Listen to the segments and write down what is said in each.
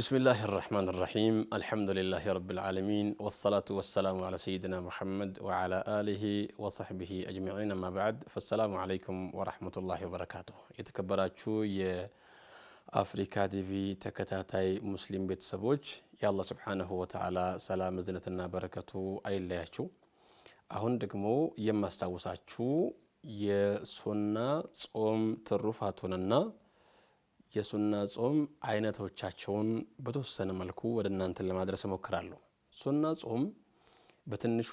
بسم الله الرحمن الرحيم الحمد لله رب العالمين والصلاة والسلام على سيدنا محمد وعلى آله وصحبه أجمعين ما بعد فالسلام عليكم ورحمة الله وبركاته شو يا أفريكا دي في تكتاتاي مسلم بيت سبوج يا الله سبحانه وتعالى سلام زنتنا بركته أي يما አሁን شو يا سنة ጾም ትሩፋቱንና የሱና ጾም አይነቶቻቸውን በተወሰነ መልኩ ወደ እናንተን ለማድረስ እሞክራለሁ። ሱና ጾም በትንሹ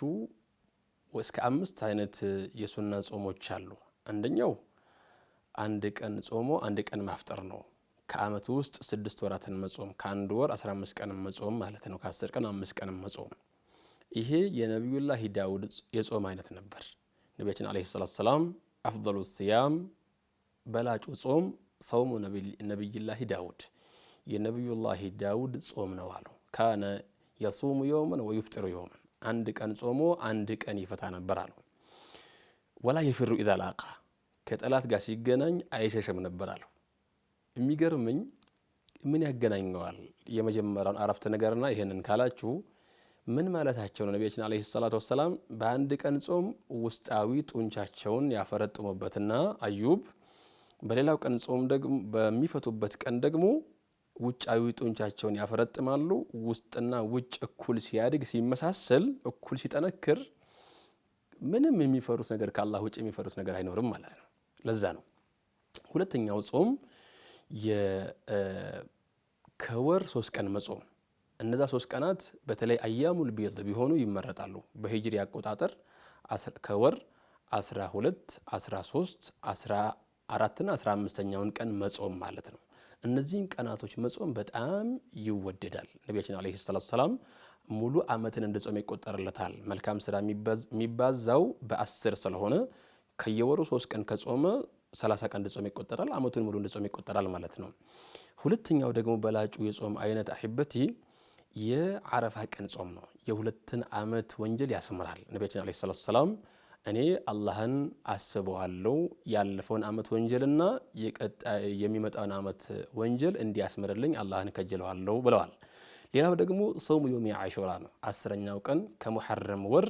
እስከ አምስት አይነት የሱና ጾሞች አሉ። አንደኛው አንድ ቀን ጾሞ አንድ ቀን ማፍጠር ነው። ከአመቱ ውስጥ ስድስት ወራትን መጾም፣ ከአንድ ወር 15 ቀን መጾም ማለት ነው። ከአስር ቀን አምስት ቀን መጾም። ይሄ የነቢዩላሂ ዳውድ የጾም አይነት ነበር። ነቢያችን ዓለይሂ ሰላቱ ሰላም አፍደሉ ስያም በላጩ ጾም ሰውሙ ነቢይላሂ ዳውድ የነቢዩላሂ ዳውድ ጾም ነው አሉ። ካነ የሱሙ የውመን ወዩፍጢሩ የውመን፣ አንድ ቀን ጾሞ አንድ ቀን ይፈታ ነበር አሉ። ወላ የፍሩ ኢዛ ላቃ፣ ከጠላት ጋር ሲገናኝ አይሸሸም ነበር አሉ። የሚገርምኝ ምን ያገናኘዋል የመጀመሪያውን አረፍተ ነገርና ይህንን ካላችሁ ምን ማለታቸው ነው? ነቢያችን ዓለይሂ ሰላቱ ወሰላም በአንድ ቀን ጾም ውስጣዊ ጡንቻቸውን ያፈረጥሙበትና አዩብ በሌላው ቀን ጾም ደግሞ በሚፈቱበት ቀን ደግሞ ውጫዊ ጡንቻቸውን ያፈረጥማሉ። ውስጥና ውጭ እኩል ሲያድግ ሲመሳሰል፣ እኩል ሲጠነክር ምንም የሚፈሩት ነገር ከአላህ ውጭ የሚፈሩት ነገር አይኖርም ማለት ነው። ለዛ ነው ሁለተኛው ጾም ከወር ሶስት ቀን መጾም። እነዛ ሶስት ቀናት በተለይ አያሙል ቢድ ቢሆኑ ይመረጣሉ። በሂጅሪ አቆጣጠር ከወር 12፣ 13፣ አራትና አስራ አምስተኛውን ቀን መጾም ማለት ነው። እነዚህን ቀናቶች መጾም በጣም ይወደዳል። ነቢያችን ዓለይሂ ሰላቱ ሰላም ሙሉ ዓመትን እንደ ጾም ይቆጠርለታል። መልካም ስራ የሚባዛው በአስር ስለሆነ ከየወሩ ሶስት ቀን ከጾመ ሰላሳ ቀን እንደ ጾም ይቆጠራል። ዓመቱን ሙሉ እንደ ጾም ይቆጠራል ማለት ነው። ሁለተኛው ደግሞ በላጩ የጾም አይነት አሒበቲ የአረፋ ቀን ጾም ነው። የሁለትን ዓመት ወንጀል ያስምራል። ነቢያችን ዓለይሂ ሰላቱ ሰላም እኔ አላህን አስበዋለው ያለፈውን ዓመት ወንጀልና የሚመጣውን ዓመት ወንጀል እንዲያስምርልኝ አላህን ከጀለዋለው ብለዋል። ሌላው ደግሞ ሰውም ዮሚ አሹራ ነው። አስረኛው ቀን ከሙሐረም ወር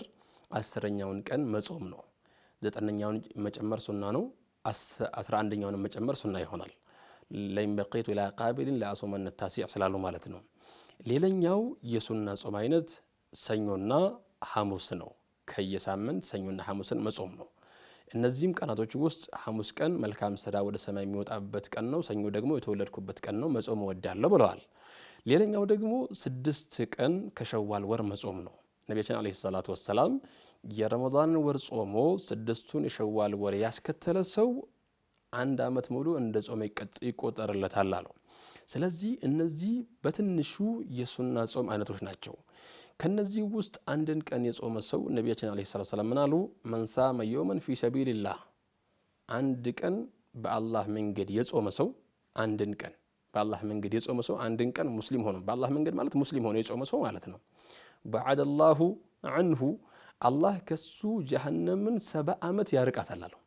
አስረኛውን ቀን መጾም ነው። ዘጠነኛውን መጨመር ሱና ነው። አስራ አንደኛውን መጨመር ሱና ይሆናል። ለይንበቂቱ ላ ቃቢልን ለአሶመን ታሲዕ ስላሉ ማለት ነው። ሌላኛው የሱና ጾም አይነት ሰኞና ሐሙስ ነው። ከየሳምንት ሰኞና ሐሙስን መጾም ነው። እነዚህም ቀናቶች ውስጥ ሐሙስ ቀን መልካም ስራ ወደ ሰማይ የሚወጣበት ቀን ነው። ሰኞ ደግሞ የተወለድኩበት ቀን ነው፣ መጾም እወዳለሁ ብለዋል። ሌላኛው ደግሞ ስድስት ቀን ከሸዋል ወር መጾም ነው። ነቢያችን ዓለይሂ ሰላቱ ወሰላም የረመዳንን ወር ጾሞ ስድስቱን የሸዋል ወር ያስከተለ ሰው አንድ ዓመት ሙሉ እንደ ጾመ ይቆጠርለታል አለው። ስለዚህ እነዚህ በትንሹ የሱና ጾም አይነቶች ናቸው። ከነዚህ ውስጥ አንድን ቀን የጾመ ሰው ነቢያችን ዓለይሂ ሰላቱ ወሰላም ምን አሉ? መንሳ የውመን ፊ ሰቢልላህ አንድ ቀን በአላህ መንገድ የጾመ ሰው አንድን ቀን በአላህ መንገድ የጾመ ሰው አንድን ቀን ሙስሊም ሆኖ በአላህ መንገድ ማለት ሙስሊም ሆኖ የጾመ ሰው ማለት ነው። በዓደ ላሁ አንሁ አላህ ከሱ ጀሃነምን ሰባ ዓመት ያርቃታል አለው።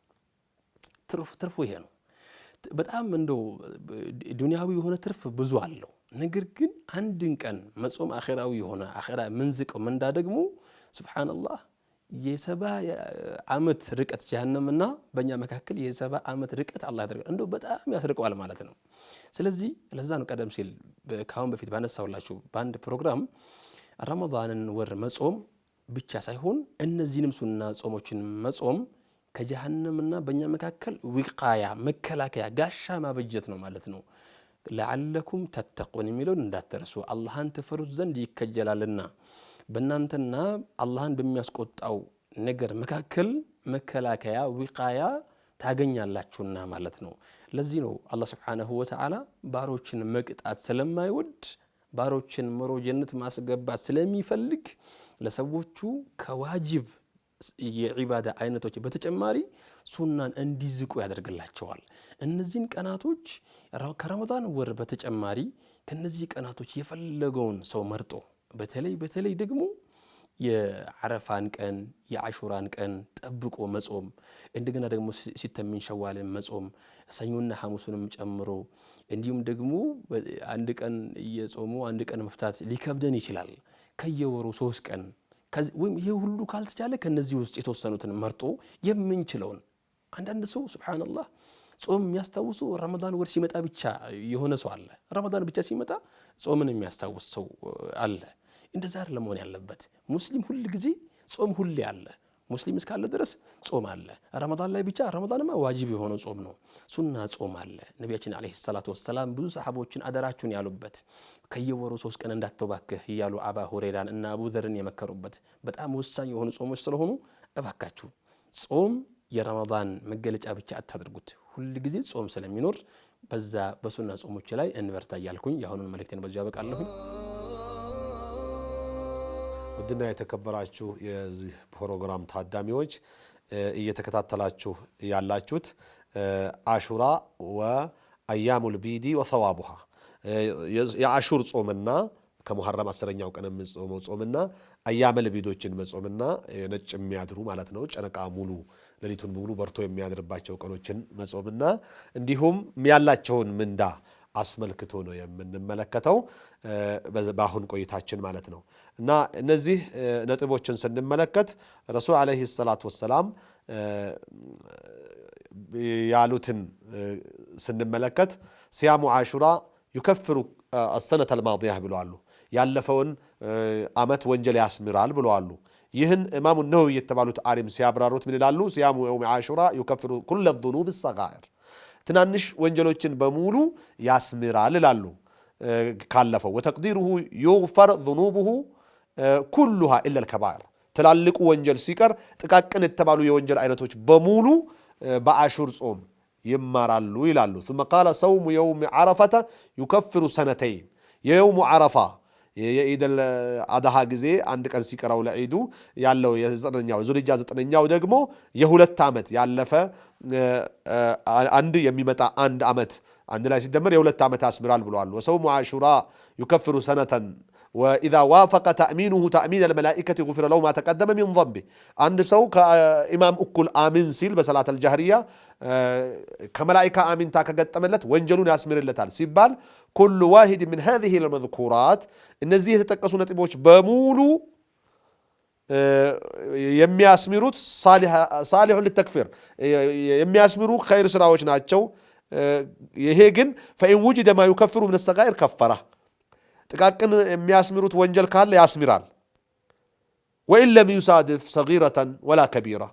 ትርፉ ይሄ ነው። በጣም እንደው ዱንያዊ የሆነ ትርፍ ብዙ አለው። ነገር ግን አንድን ቀን መጾም አኼራዊ የሆነ አኼራ ምንዝቀው መንዳ ደግሞ ሱብሓነላህ የሰባ ዓመት ርቀት ጀሃነምና በእኛ መካከል የሰባ ዓመት ርቀት አላህ ያደርጋል። እንደው በጣም ያስርቀዋል ማለት ነው። ስለዚህ ለዛ ነው ቀደም ሲል ከአሁን በፊት ባነሳውላችሁ በአንድ ፕሮግራም ረመዳንን ወር መጾም ብቻ ሳይሆን እነዚህንም ሱና ጾሞችን መጾም ከጀሃነምና በእኛ መካከል ዊቃያ መከላከያ ጋሻ ማበጀት ነው ማለት ነው። ለዓለኩም ተተቁን የሚለውን እንዳትረሱ አላህን ትፈሩት ዘንድ ይከጀላልና በእናንተና አላህን በሚያስቆጣው ነገር መካከል መከላከያ ዊቃያ ታገኛላችሁና ማለት ነው። ለዚህ ነው አላህ ስብሓነሁ ወተዓላ ባሮችን መቅጣት ስለማይወድ ባሮችን ምሮ ጀነት ማስገባት ስለሚፈልግ ለሰዎቹ ከዋጅብ የዒባዳ አይነቶች በተጨማሪ ሱናን እንዲዝቁ ያደርግላቸዋል። እነዚህን ቀናቶች ከረመዳን ወር በተጨማሪ ከነዚህ ቀናቶች የፈለገውን ሰው መርጦ በተለይ በተለይ ደግሞ የዓረፋን ቀን የአሹራን ቀን ጠብቆ መጾም እንደገና ደግሞ ሲተሚን ሸዋልን መጾም ሰኞና ሐሙሱንም ጨምሮ እንዲሁም ደግሞ አንድ ቀን እየጾሙ አንድ ቀን መፍታት ሊከብደን ይችላል። ከየወሩ ሶስት ቀን ወይም ይሄ ሁሉ ካልተቻለ ከነዚህ ውስጥ የተወሰኑትን መርጦ የምንችለውን አንዳንድ ሰው ሱብሓነላህ ጾም የሚያስታውሱ ረመዳን ወር ሲመጣ ብቻ የሆነ ሰው አለ። ረመዳን ብቻ ሲመጣ ጾምን የሚያስታውስ ሰው አለ። እንደዛ አይደለም መሆን ያለበት። ሙስሊም ሁል ጊዜ ጾም ሁሌ አለ። ሙስሊም እስካለ ድረስ ጾም አለ። ረመዳን ላይ ብቻ ረመዳንማ ዋጅብ የሆነ ጾም ነው። ሱና ጾም አለ። ነቢያችን ዓለይሂ ሰላቱ ወሰላም ብዙ ሰሓቦችን አደራችሁን ያሉበት ከየወሩ ሶስት ቀን እንዳትባክህ እያሉ አባ ሁሬዳን እና አቡ ዘርን የመከሩበት በጣም ወሳኝ የሆኑ ጾሞች ስለሆኑ እባካችሁ ጾም የረመዳን መገለጫ ብቻ አታድርጉት። ሁል ጊዜ ጾም ስለሚኖር በዛ በሱና ጾሞች ላይ እንበርታ እያልኩኝ የአሁኑን መልእክቴን በዚሁ ያበቃለሁ። ውድና የተከበራችሁ የዚህ ፕሮግራም ታዳሚዎች እየተከታተላችሁ ያላችሁት አሹራ ወአያሙል ቢዲ ወሰዋቡሃ የአሹር ጾምና ከሙሐረም አስረኛው ቀን የምንጾመው ጾምና አያመል ቤዶችን መጾምና ነጭ የሚያድሩ ማለት ነው ጨረቃ ሙሉ ሌሊቱን ሙሉ በርቶ የሚያድርባቸው ቀኖችን መጾምና እንዲሁም ያላቸውን ምንዳ አስመልክቶ ነው የምንመለከተው በአሁን ቆይታችን ማለት ነው። እና እነዚህ ነጥቦችን ስንመለከት ረሱል ዓለይሂ ሰላቱ ወሰላም ያሉትን ስንመለከት ሲያሙ አሹራ ዩከፍሩ አሰነት አልማዲያህ ብለዋሉ። ያለፈውን ዓመት ወንጀል ያስምራል ብለዋሉ። ይህን ኢማሙ ነወዊ የተባሉት ዓሊም ሲያብራሩት ምን ይላሉ? ሲያሙ የውም ዓሹራ ዩከፍሩ ኩለ ዙኑብ ሰጋኢር፣ ትናንሽ ወንጀሎችን በሙሉ ያስምራል ይላሉ። ካለፈው ወተቅዲሩሁ ዩግፈር ዙኑብሁ ኩሉሃ ኢላ ልከባኢር፣ ትላልቁ ወንጀል ሲቀር ጥቃቅን የተባሉ የወንጀል አይነቶች በሙሉ በአሹር ጾም ይማራሉ ይላሉ። ሱመ ቃለ ሰውሙ የውም ዓረፈተ ዩከፍሩ ሰነተይን የየውሙ ዓረፋ የኢድ አድሃ ጊዜ አንድ ቀን ሲቀረው ለዒዱ ያለው የዘጠነኛው ዙልጃ ዘጠነኛው ደግሞ የሁለት ዓመት ያለፈ አንድ የሚመጣ አንድ ዓመት አንድ ላይ ሲደመር የሁለት ዓመት ያስምራል ብለዋል። ወሰውሙ አሹራ ዩከፍሩ ሰነተን وإذا وافق تأمينه تأمين الملائكة غفر له ما تقدم من ذنبه عند سو كإمام أكل آمين سيل بصلاة الجهرية آه، كملائكة آمين تاكا قد تملت وانجلو ناس مر سيبال كل واحد من هذه المذكورات إن الزيه تتقصون تبوش بمولو آه، يمي أسميروت صالح صالح للتكفير يمي أسمرو خير سراوش ناتشو آه، يهيجن فإن وجد ما يكفر من الصغائر كفره ጥቃቅን የሚያስምሩት ወንጀል ካለ ያስምራል። ወኢን ለም ዩሳድፍ ሰጊረተን ወላ ከቢራ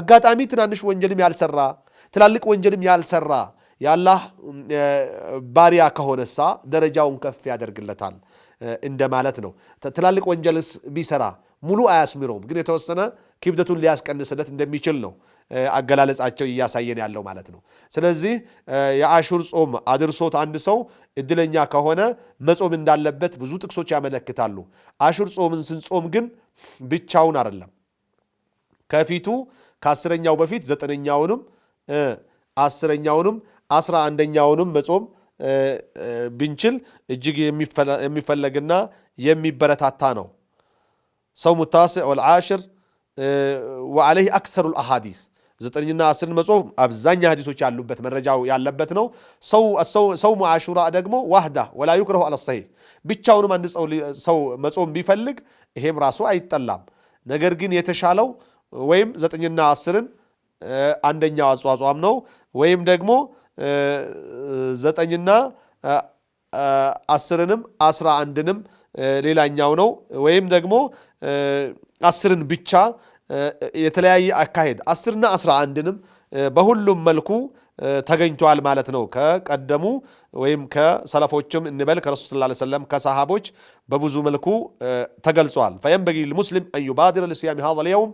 አጋጣሚ ትናንሽ ወንጀልም ያልሰራ ትላልቅ ወንጀልም ያልሰራ የአላህ ባሪያ ከሆነሳ ደረጃውን ከፍ ያደርግለታል እንደማለት ነው። ትላልቅ ወንጀልስ ቢሰራ ሙሉ አያስምረውም፣ ግን የተወሰነ ክብደቱን ሊያስቀንስለት እንደሚችል ነው። አገላለጻቸው እያሳየን ያለው ማለት ነው። ስለዚህ የአሹር ጾም አድርሶት አንድ ሰው እድለኛ ከሆነ መጾም እንዳለበት ብዙ ጥቅሶች ያመለክታሉ። አሹር ጾምን ስንጾም ግን ብቻውን አይደለም። ከፊቱ ከአስረኛው በፊት ዘጠነኛውንም አስረኛውንም አስራ አንደኛውንም መጾም ብንችል እጅግ የሚፈለግና የሚበረታታ ነው። ሰው ታስዕ ወልዓሽር ወዓለይህ አክሰሩ ልአሃዲስ ዘጠኝና አስርን መጽሑፍ አብዛኛ ሀዲሶች ያሉበት መረጃው ያለበት ነው። ሰውሙ አሹራ ደግሞ ዋህዳ ወላ ዩክረሁ አለሰሂ ብቻውንም አንድ ሰው መጾም ቢፈልግ ይሄም ራሱ አይጠላም። ነገር ግን የተሻለው ወይም ዘጠኝና አስርን አንደኛው አጽዋጽም ነው ወይም ደግሞ ዘጠኝና አስርንም አስራ አንድንም ሌላኛው ነው ወይም ደግሞ አስርን ብቻ የተለያየ አካሄድ አስርና አስራ አንድንም በሁሉም መልኩ ተገኝቷል ማለት ነው። ከቀደሙ ወይም ከሰለፎችም እንበል ከረሱል ስላ ሰለም ከሰሃቦች በብዙ መልኩ ተገልጿል። ፈየንበጊ ልሙስሊም አን ዩባድር ሊስያሚ ሀዛ ልየውም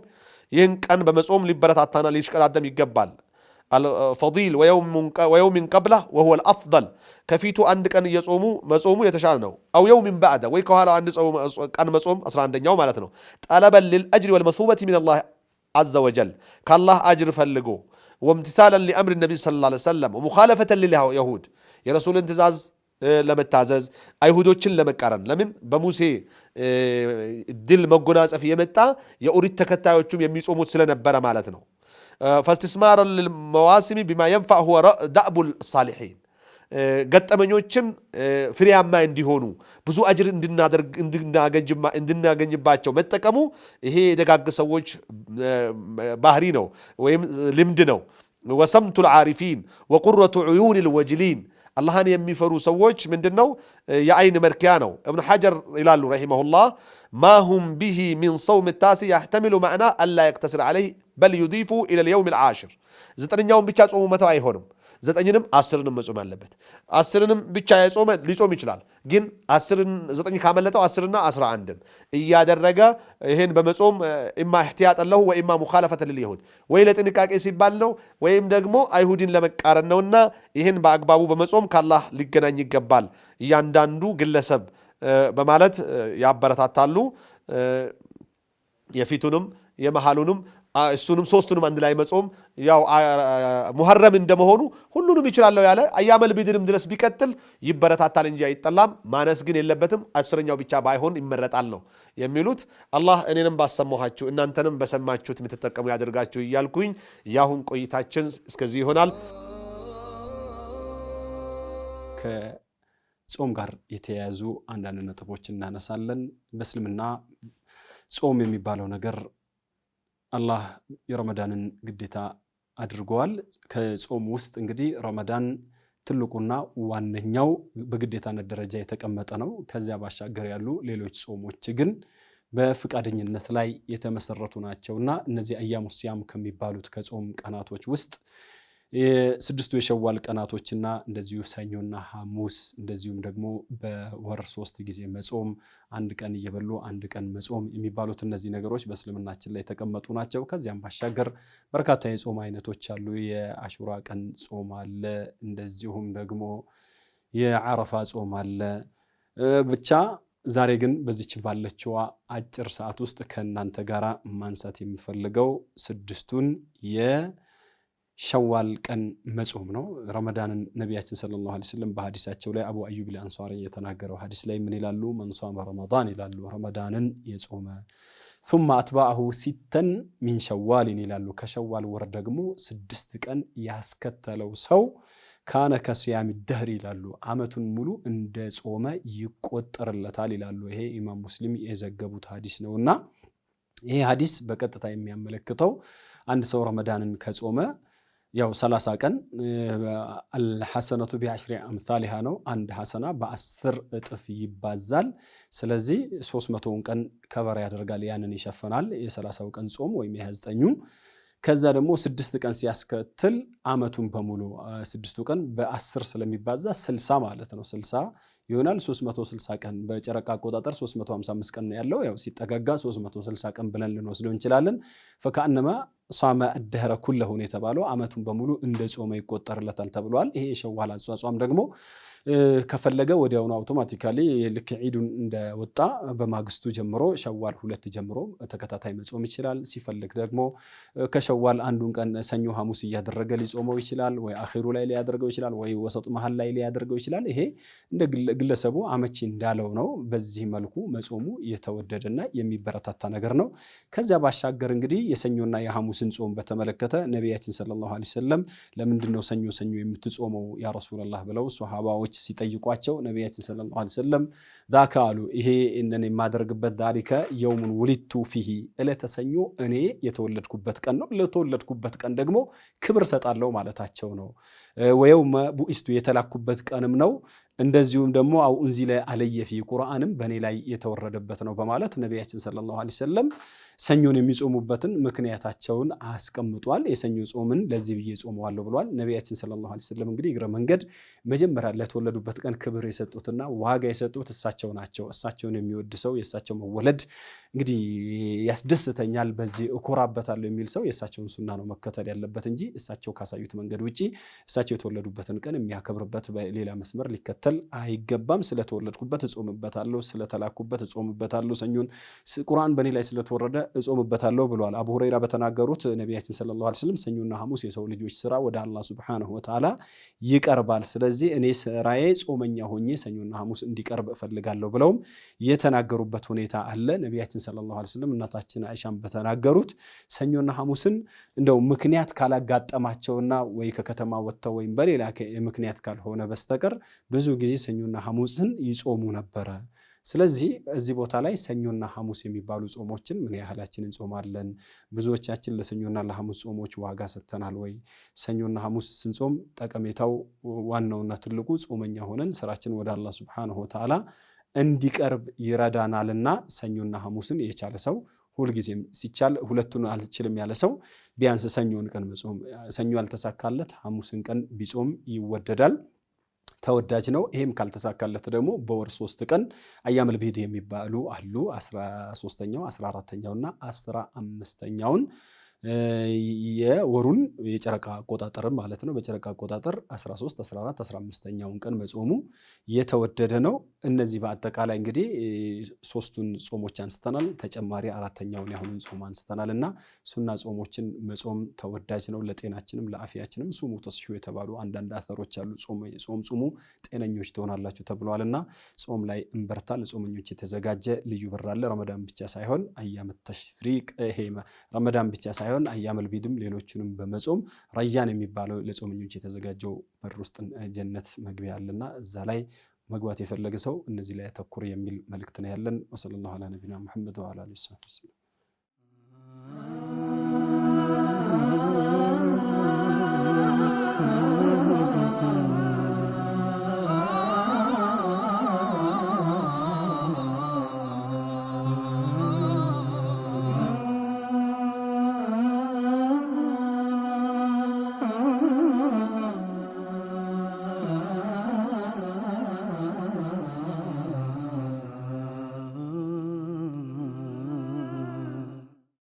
ይህን ቀን በመጾም ሊበረታታና ሊሽቀዳደም ይገባል። አልፈዲል ወየውሚን ቀብላ ወሁወል አፍደል ከፊቱ አንድ ቀን እየጾሙ መጾሙ የተሻለ ነው። አው የውሚን ባዕደ ወይ ከኋላው አንድ ቀን መጾም 11ኛው ማለት ነው። ጠለበን ልልአጅሪ ወልመሱበት ሚነላህ አዘ ወጀል ከአላህ አጅር ፈልጎ ወምትሳለን ሊአምር ነቢይ ሰለላሁ ዐለይሂ ወሰለም ወሙኻለፈተን ሊልየሁድ የረሱልን ትእዛዝ ለመታዘዝ አይሁዶችን ለመቃረን ለምን በሙሴ ድል መጎናጸፍ የመጣ የኦሪት ተከታዮቹም የሚጾሙት ስለነበረ ማለት ነው። ፈስትስማረ ልመዋሲሚ ቢማ የንፋዕ ሁወ ዳእቡ ሳሊሒን ገጠመኞችን ፍሬያማ እንዲሆኑ ብዙ አጅር እንድናገኝባቸው መጠቀሙ ይሄ የደጋግ ሰዎች ባህሪ ነው ወይም ልምድ ነው። ወሰምቱ ልዓሪፊን ወቁረቱ ዑዩን ልወጅሊን አላህን የሚፈሩ ሰዎች ምንድን ነው የአይን መርኪያ ነው። እብኑ ሐጀር ይላሉ ረሒመሁላህ ማሁም ብሂ ሚን ሰውም ታሲ ያሕተሚሉ ማዕና አላ የቅተስር ዓለይህ በል ዩዲፉ ኢለል የውሚል ዓሽር ዘጠነኛውን ብቻ ጾሙ መተው አይሆንም። ዘጠኝንም አስርንም መጾም አለበት አስርንም ብቻ የጾመ ሊጾም ይችላል። ግን ዘጠኝ ካመለጠው አስርና አስራ አንድን እያደረገ ይህን በመጾም ኢማ እህትያጠለሁ ወኢማ ሙኻለፈተ ልልይሁድ ወይ ለጥንቃቄ ሲባል ነው ወይም ደግሞ አይሁድን ለመቃረን ነውና ይህን በአግባቡ በመጾም ካላህ ሊገናኝ ይገባል እያንዳንዱ ግለሰብ በማለት ያበረታታሉ የፊቱንም የመሃሉንም እሱንም ሶስቱንም አንድ ላይ መጾም ያው ሙሐረም እንደመሆኑ ሁሉንም ይችላለሁ ያለ አያመል ቢድንም ድረስ ቢቀጥል ይበረታታል እንጂ አይጠላም። ማነስ ግን የለበትም። አስረኛው ብቻ ባይሆን ይመረጣል ነው የሚሉት። አላህ እኔንም ባሰማኋችሁ እናንተንም በሰማችሁት የምትጠቀሙ ያደርጋችሁ እያልኩኝ ያሁን ቆይታችን እስከዚህ ይሆናል። ከጾም ጋር የተያያዙ አንዳንድ ነጥቦች እናነሳለን። በእስልምና ጾም የሚባለው ነገር አላህ የረመዳንን ግዴታ አድርገዋል። ከጾም ውስጥ እንግዲህ ረመዳን ትልቁና ዋነኛው በግዴታነት ደረጃ የተቀመጠ ነው። ከዚያ ባሻገር ያሉ ሌሎች ጾሞች ግን በፍቃደኝነት ላይ የተመሰረቱ ናቸውና እነዚህ አያሙ ሲያም ከሚባሉት ከጾም ቀናቶች ውስጥ የስድስቱ የሸዋል ቀናቶችና እንደዚሁ ሰኞና ሐሙስ እንደዚሁም ደግሞ በወር ሶስት ጊዜ መጾም፣ አንድ ቀን እየበሉ አንድ ቀን መጾም የሚባሉት እነዚህ ነገሮች በእስልምናችን ላይ የተቀመጡ ናቸው። ከዚያም ባሻገር በርካታ የጾም አይነቶች አሉ። የአሹራ ቀን ጾም አለ። እንደዚሁም ደግሞ የአረፋ ጾም አለ። ብቻ ዛሬ ግን በዚች ባለችዋ አጭር ሰዓት ውስጥ ከእናንተ ጋር ማንሳት የምፈልገው ስድስቱን የ ሸዋል ቀን መጾም ነው። ረመዳንን ነቢያችን ሰለላሁ ዐለይሂ ወሰለም በሀዲሳቸው ላይ አቡ አዩብ አልአንሷሪ የተናገረው ሀዲስ ላይ ምን ይላሉ? መንሷመ ረመዳን ይላሉ። ረመዳንን የጾመ ሱመ አትባአሁ ሲተን ሚን ሸዋልን ይላሉ። ከሸዋል ወር ደግሞ ስድስት ቀን ያስከተለው ሰው ካነ ከስያሚ ደህር ይላሉ። አመቱን ሙሉ እንደ ጾመ ይቆጠርለታል ይላሉ። ይሄ ኢማም ሙስሊም የዘገቡት ሀዲስ ነውና ይሄ ሀዲስ በቀጥታ የሚያመለክተው አንድ ሰው ረመዳንን ከጾመ ያው ሰላሳ ቀን አልሐሰነቱ ቢአሽሪ አምሳሊሃ ነው። አንድ ሐሰና በአስር እጥፍ ይባዛል። ስለዚህ ሶስት መቶውን ቀን ከበር ያደርጋል፣ ያንን ይሸፈናል። የሰላሳው ቀን ጾም ወይም የሃያ ዘጠኙ ከዛ ደግሞ ስድስት ቀን ሲያስከትል አመቱን በሙሉ ስድስቱ ቀን በአስር ስለሚባዛ ስልሳ ማለት ነው። ስልሳ ይሆናል። 360 ቀን በጨረቃ አቆጣጠር 355 ቀን ያለው ያው ሲጠጋጋ 360 ቀን ብለን ልንወስደው እንችላለን። ፈካአነማ ሷመ አደረ ኩለሁን የተባለው አመቱን በሙሉ እንደ ጾመ ይቆጠርለታል ተብሏል። ይሄ የሸዋል አጽዋጽም ደግሞ ከፈለገ ወዲያውኑ አውቶማቲካሊ ልክ ዒዱን እንደወጣ በማግስቱ ጀምሮ ሸዋል ሁለት ጀምሮ ተከታታይ መጾም ይችላል። ሲፈልግ ደግሞ ከሸዋል አንዱን ቀን ሰኞ፣ ሐሙስ እያደረገ ሊጾመው ይችላል። ወይ አኺሩ ላይ ሊያደርገው ይችላል፣ ወይ ወሰጡ መሀል ላይ ሊያደርገው ይችላል። ይሄ እንደ ግለሰቡ አመቺ እንዳለው ነው። በዚህ መልኩ መጾሙ የተወደደና የሚበረታታ ነገር ነው። ከዚያ ባሻገር እንግዲህ የሰኞና የሐሙስን ጾም በተመለከተ ነቢያችን ሰለላሁ ዐለይሂ ወሰለም ለምንድን ነው ሰኞ ሰኞ የምትጾመው ያ ብለው ሶሃባዎች ሰዎች ሲጠይቋቸው ነቢያችን ሰለላሁ ዐለይሂ ወሰለም ዛከ አሉ ይሄ እነን የማደርግበት ዛሊከ የውሙን ውሊቱ ፊሂ ዕለተ ሰኞ እኔ የተወለድኩበት ቀን ነው፣ ለተወለድኩበት ቀን ደግሞ ክብር ሰጣለው ማለታቸው ነው። ወየውመ ቡኢስቱ የተላኩበት ቀንም ነው። እንደዚሁም ደግሞ አው እንዚለ አለየ ፊ ቁርአንም በእኔ ላይ የተወረደበት ነው በማለት ነቢያችን ሰለላሁ ዐለይሂ ወሰለም ሰኞን የሚጾሙበትን ምክንያታቸውን አስቀምጧል። የሰኞ ጾምን ለዚህ ብዬ ጾመዋለሁ ብሏል ነቢያችን ሰለላሁ ዐለይሂ ወሰለም። እንግዲህ እግረ መንገድ መጀመሪያ ለተወለዱበት ቀን ክብር የሰጡትና ዋጋ የሰጡት እሳቸው ናቸው። እሳቸውን የሚወድ ሰው የእሳቸው መወለድ እንግዲህ ያስደስተኛል፣ በዚህ እኮራበታለሁ የሚል ሰው የእሳቸውን ሱና ነው መከተል ያለበት እንጂ እሳቸው ካሳዩት መንገድ ውጪ እሳቸው የተወለዱበትን ቀን የሚያከብርበት በሌላ መስመር ሊከተል ልከተል አይገባም። ስለተወለድኩበት እጾምበታለሁ፣ ስለተላኩበት እጾምበታለሁ፣ ሰኞን ቁርአን በእኔ ላይ ስለተወረደ እጾምበታለሁ ብለዋል። አቡ ሁረይራ በተናገሩት ነቢያችን ሰለላሁ ዐለይሂ ወሰለም ሰኞና ሐሙስ የሰው ልጆች ስራ ወደ አላህ ሱብሓነሁ ወተዓላ ይቀርባል። ስለዚህ እኔ ስራዬ ጾመኛ ሆኜ ሰኞና ሐሙስ እንዲቀርብ እፈልጋለሁ ብለውም የተናገሩበት ሁኔታ አለ። ነቢያችን ሰለላሁ ዐለይሂ ወሰለም እናታችን አይሻም በተናገሩት ሰኞና ሐሙስን እንደው ምክንያት ካላጋጠማቸውና ወይ ከከተማ ወጥተው ወይም በሌላ ምክንያት ካልሆነ በስተቀር ብዙ ጊዜ ሰኞና ሐሙስን ይጾሙ ነበረ። ስለዚህ እዚህ ቦታ ላይ ሰኞና ሐሙስ የሚባሉ ጾሞችን ምን ያህላችን እንጾማለን? ብዙዎቻችን ለሰኞና ለሐሙስ ጾሞች ዋጋ ሰጥተናል ወይ? ሰኞና ሐሙስ ስንጾም ጠቀሜታው ዋናውና ትልቁ ጾመኛ ሆነን ስራችን ወደ አላህ ሱብሓነሁ ወተዓላ እንዲቀርብ ይረዳናልና ሰኞና ሐሙስን የቻለ ሰው ሁልጊዜም ሲቻል ሁለቱን አልችልም ያለ ሰው ቢያንስ ሰኞን ቀን መጾም ሰኞ አልተሳካለት ሐሙስን ቀን ቢጾም ይወደዳል። ተወዳጅ ነው። ይሄም ካልተሳካለት ደግሞ በወር ሶስት ቀን አያመል ብሂድ የሚባሉ አሉ። አስራ ሶስተኛው አስራ አራተኛውና አስራ አምስተኛውን የወሩን የጨረቃ አቆጣጠር ማለት ነው። በጨረቃ አቆጣጠር 13፣ 14፣ 15ኛውን ቀን መጾሙ የተወደደ ነው። እነዚህ በአጠቃላይ እንግዲህ ሶስቱን ጾሞች አንስተናል። ተጨማሪ አራተኛውን ያሁኑን ጾም አንስተናል እና ሱና ጾሞችን መጾም ተወዳጅ ነው። ለጤናችንም ለአፍያችንም ሱሙ ተስሑ የተባሉ አንዳንድ አሰሮች አሉ። ጾም ጹሙ ጤነኞች ትሆናላችሁ ተብለዋል እና ጾም ላይ እንበርታ። ለጾመኞች የተዘጋጀ ልዩ ብር አለ። ረመዳን ብቻ ሳይሆን አያመት ተሽሪቅ ይሄ ረመዳን ብቻ ሳይሆን ሳይሆን አያመል ቢድም ሌሎችንም በመጾም ረያን የሚባለው ለጾመኞች የተዘጋጀው በር ውስጥ ጀነት መግቢያ አለና እዛ ላይ መግባት የፈለገ ሰው እነዚህ ላይ ተኩር የሚል መልእክት ነው ያለን። ወሰለላሁ ዐላ ነቢና ሙሐመድ ወዐላ አሊሂ ወሰለም